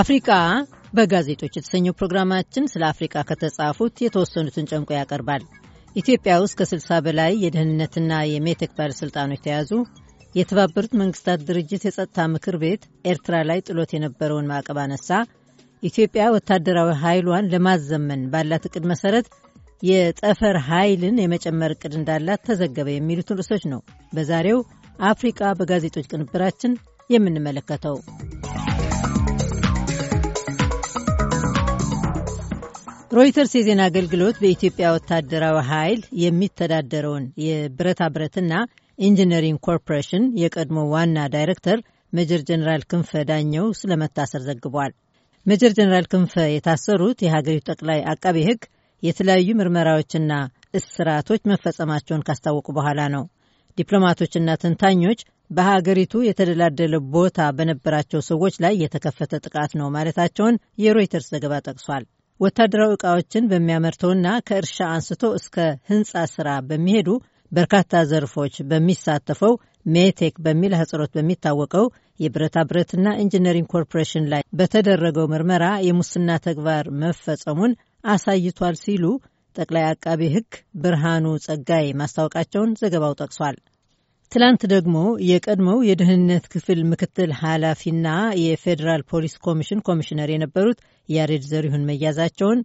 አፍሪቃ በጋዜጦች የተሰኘው ፕሮግራማችን ስለ አፍሪቃ ከተጻፉት የተወሰኑትን ጨምቆ ያቀርባል። ኢትዮጵያ ውስጥ ከ60 በላይ የደህንነትና የሜቴክ ባለሥልጣኖች ተያዙ፣ የተባበሩት መንግስታት ድርጅት የጸጥታ ምክር ቤት ኤርትራ ላይ ጥሎት የነበረውን ማዕቀብ አነሳ፣ ኢትዮጵያ ወታደራዊ ኃይሏን ለማዘመን ባላት እቅድ መሠረት የጠፈር ኃይልን የመጨመር እቅድ እንዳላት ተዘገበ፣ የሚሉትን ርዕሶች ነው በዛሬው አፍሪቃ በጋዜጦች ቅንብራችን የምንመለከተው። ሮይተርስ የዜና አገልግሎት በኢትዮጵያ ወታደራዊ ኃይል የሚተዳደረውን የብረታ ብረትና ኢንጂነሪንግ ኮርፖሬሽን የቀድሞ ዋና ዳይሬክተር መጀር ጀነራል ክንፈ ዳኘው ስለመታሰር ዘግቧል። መጀር ጀነራል ክንፈ የታሰሩት የሀገሪቱ ጠቅላይ አቃቤ ሕግ የተለያዩ ምርመራዎችና እስራቶች መፈጸማቸውን ካስታወቁ በኋላ ነው። ዲፕሎማቶችና ተንታኞች በሀገሪቱ የተደላደለ ቦታ በነበራቸው ሰዎች ላይ የተከፈተ ጥቃት ነው ማለታቸውን የሮይተርስ ዘገባ ጠቅሷል። ወታደራዊ ዕቃዎችን በሚያመርተውና ከእርሻ አንስቶ እስከ ህንፃ ስራ በሚሄዱ በርካታ ዘርፎች በሚሳተፈው ሜቴክ በሚል ህጽሮት በሚታወቀው የብረታ ብረትና ኢንጂነሪንግ ኮርፖሬሽን ላይ በተደረገው ምርመራ የሙስና ተግባር መፈጸሙን አሳይቷል ሲሉ ጠቅላይ አቃቢ ህግ ብርሃኑ ጸጋይ ማስታወቃቸውን ዘገባው ጠቅሷል። ትላንት ደግሞ የቀድሞው የደህንነት ክፍል ምክትል ኃላፊና የፌዴራል ፖሊስ ኮሚሽን ኮሚሽነር የነበሩት ያሬድ ዘሪሁን መያዛቸውን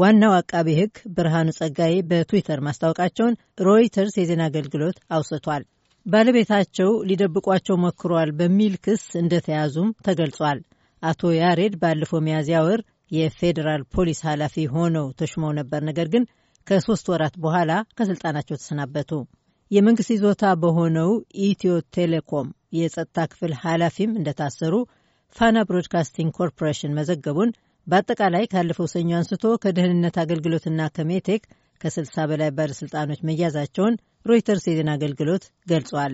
ዋናው አቃቤ ሕግ ብርሃኑ ጸጋዬ በትዊተር ማስታወቃቸውን ሮይተርስ የዜና አገልግሎት አውስቷል። ባለቤታቸው ሊደብቋቸው ሞክሯል በሚል ክስ እንደተያዙም ተገልጿል። አቶ ያሬድ ባለፈው ሚያዝያ ወር የፌዴራል ፖሊስ ኃላፊ ሆነው ተሹመው ነበር። ነገር ግን ከሶስት ወራት በኋላ ከስልጣናቸው ተሰናበቱ። የመንግስት ይዞታ በሆነው ኢትዮ ቴሌኮም የጸጥታ ክፍል ኃላፊም እንደታሰሩ ፋና ብሮድካስቲንግ ኮርፖሬሽን መዘገቡን በአጠቃላይ ካለፈው ሰኞ አንስቶ ከደህንነት አገልግሎትና ከሜቴክ ከ60 በላይ ባለሥልጣኖች መያዛቸውን ሮይተርስ የዜና አገልግሎት ገልጿል።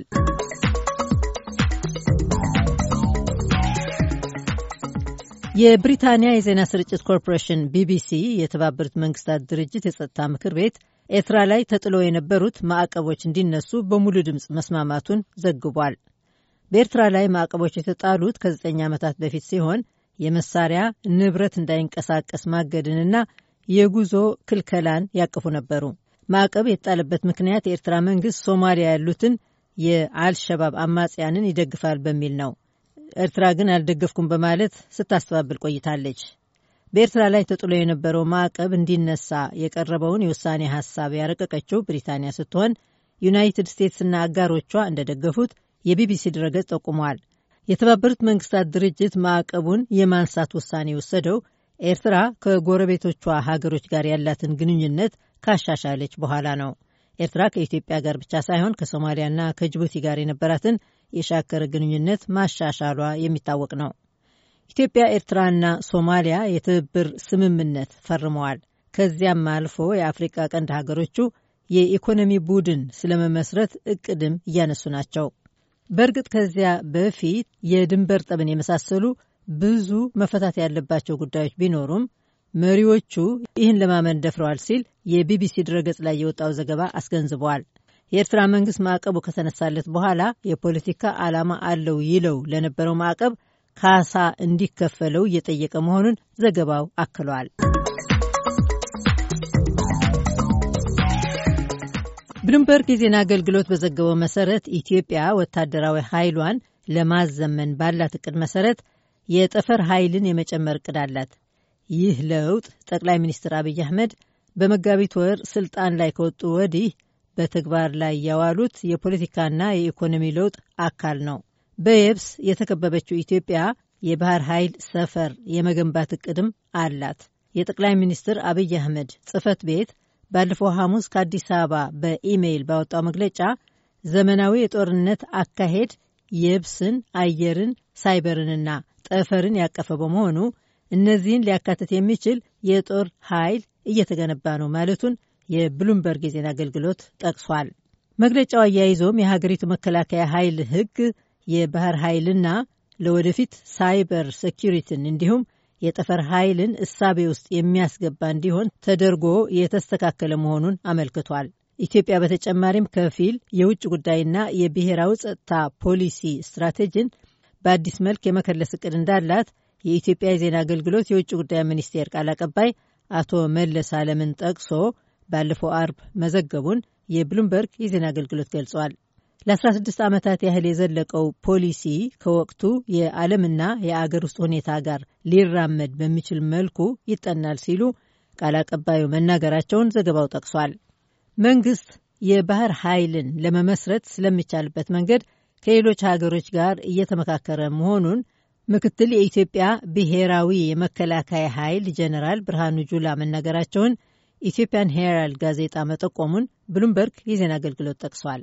የብሪታንያ የዜና ስርጭት ኮርፖሬሽን ቢቢሲ የተባበሩት መንግስታት ድርጅት የጸጥታ ምክር ቤት ኤርትራ ላይ ተጥሎ የነበሩት ማዕቀቦች እንዲነሱ በሙሉ ድምፅ መስማማቱን ዘግቧል። በኤርትራ ላይ ማዕቀቦች የተጣሉት ከዘጠኝ ዓመታት በፊት ሲሆን የመሳሪያ ንብረት እንዳይንቀሳቀስ ማገድንና የጉዞ ክልከላን ያቀፉ ነበሩ። ማዕቀብ የተጣለበት ምክንያት የኤርትራ መንግስት ሶማሊያ ያሉትን የአልሸባብ አማጽያንን ይደግፋል በሚል ነው። ኤርትራ ግን አልደገፍኩም በማለት ስታስተባብል ቆይታለች። በኤርትራ ላይ ተጥሎ የነበረው ማዕቀብ እንዲነሳ የቀረበውን የውሳኔ ሀሳብ ያረቀቀችው ብሪታንያ ስትሆን ዩናይትድ ስቴትስና አጋሮቿ እንደደገፉት የቢቢሲ ድረገጽ ጠቁሟል። የተባበሩት መንግስታት ድርጅት ማዕቀቡን የማንሳት ውሳኔ የወሰደው ኤርትራ ከጎረቤቶቿ ሀገሮች ጋር ያላትን ግንኙነት ካሻሻለች በኋላ ነው። ኤርትራ ከኢትዮጵያ ጋር ብቻ ሳይሆን ከሶማሊያና ከጅቡቲ ጋር የነበራትን የሻከረ ግንኙነት ማሻሻሏ የሚታወቅ ነው። ኢትዮጵያ፣ ኤርትራና ሶማሊያ የትብብር ስምምነት ፈርመዋል። ከዚያም አልፎ የአፍሪቃ ቀንድ ሀገሮቹ የኢኮኖሚ ቡድን ስለመመስረት እቅድም እያነሱ ናቸው። በእርግጥ ከዚያ በፊት የድንበር ጠብን የመሳሰሉ ብዙ መፈታት ያለባቸው ጉዳዮች ቢኖሩም መሪዎቹ ይህን ለማመን ደፍረዋል ሲል የቢቢሲ ድረገጽ ላይ የወጣው ዘገባ አስገንዝበዋል። የኤርትራ መንግስት ማዕቀቡ ከተነሳለት በኋላ የፖለቲካ ዓላማ አለው ይለው ለነበረው ማዕቀብ ካሳ እንዲከፈለው እየጠየቀ መሆኑን ዘገባው አክሏል። ብሉምበርግ የዜና አገልግሎት በዘገበው መሰረት ኢትዮጵያ ወታደራዊ ኃይሏን ለማዘመን ባላት እቅድ መሰረት የጠፈር ኃይልን የመጨመር እቅድ አላት። ይህ ለውጥ ጠቅላይ ሚኒስትር አብይ አህመድ በመጋቢት ወር ስልጣን ላይ ከወጡ ወዲህ በተግባር ላይ ያዋሉት የፖለቲካና የኢኮኖሚ ለውጥ አካል ነው። በየብስ የተከበበችው ኢትዮጵያ የባህር ኃይል ሰፈር የመገንባት እቅድም አላት። የጠቅላይ ሚኒስትር አብይ አህመድ ጽህፈት ቤት ባለፈው ሐሙስ ከአዲስ አበባ በኢሜይል ባወጣው መግለጫ ዘመናዊ የጦርነት አካሄድ የብስን፣ አየርን፣ ሳይበርንና ጠፈርን ያቀፈ በመሆኑ እነዚህን ሊያካትት የሚችል የጦር ኃይል እየተገነባ ነው ማለቱን የብሉምበርግ የዜና አገልግሎት ጠቅሷል። መግለጫው አያይዞም የሀገሪቱ መከላከያ ኃይል ሕግ፣ የባህር ኃይልና ለወደፊት ሳይበር ሴኪሪቲን እንዲሁም የጠፈር ኃይልን እሳቤ ውስጥ የሚያስገባ እንዲሆን ተደርጎ የተስተካከለ መሆኑን አመልክቷል። ኢትዮጵያ በተጨማሪም ከፊል የውጭ ጉዳይና የብሔራዊ ጸጥታ ፖሊሲ ስትራቴጂን በአዲስ መልክ የመከለስ እቅድ እንዳላት የኢትዮጵያ የዜና አገልግሎት የውጭ ጉዳይ ሚኒስቴር ቃል አቀባይ አቶ መለስ አለምን ጠቅሶ ባለፈው አርብ መዘገቡን የብሉምበርግ የዜና አገልግሎት ገልጿል። ለ16 ዓመታት ያህል የዘለቀው ፖሊሲ ከወቅቱ የዓለምና የአገር ውስጥ ሁኔታ ጋር ሊራመድ በሚችል መልኩ ይጠናል ሲሉ ቃል አቀባዩ መናገራቸውን ዘገባው ጠቅሷል። መንግስት የባህር ኃይልን ለመመስረት ስለሚቻልበት መንገድ ከሌሎች ሀገሮች ጋር እየተመካከረ መሆኑን ምክትል የኢትዮጵያ ብሔራዊ የመከላከያ ኃይል ጀነራል ብርሃኑ ጁላ መናገራቸውን ኢትዮጵያን ሄራልድ ጋዜጣ መጠቆሙን ብሉምበርግ የዜና አገልግሎት ጠቅሷል።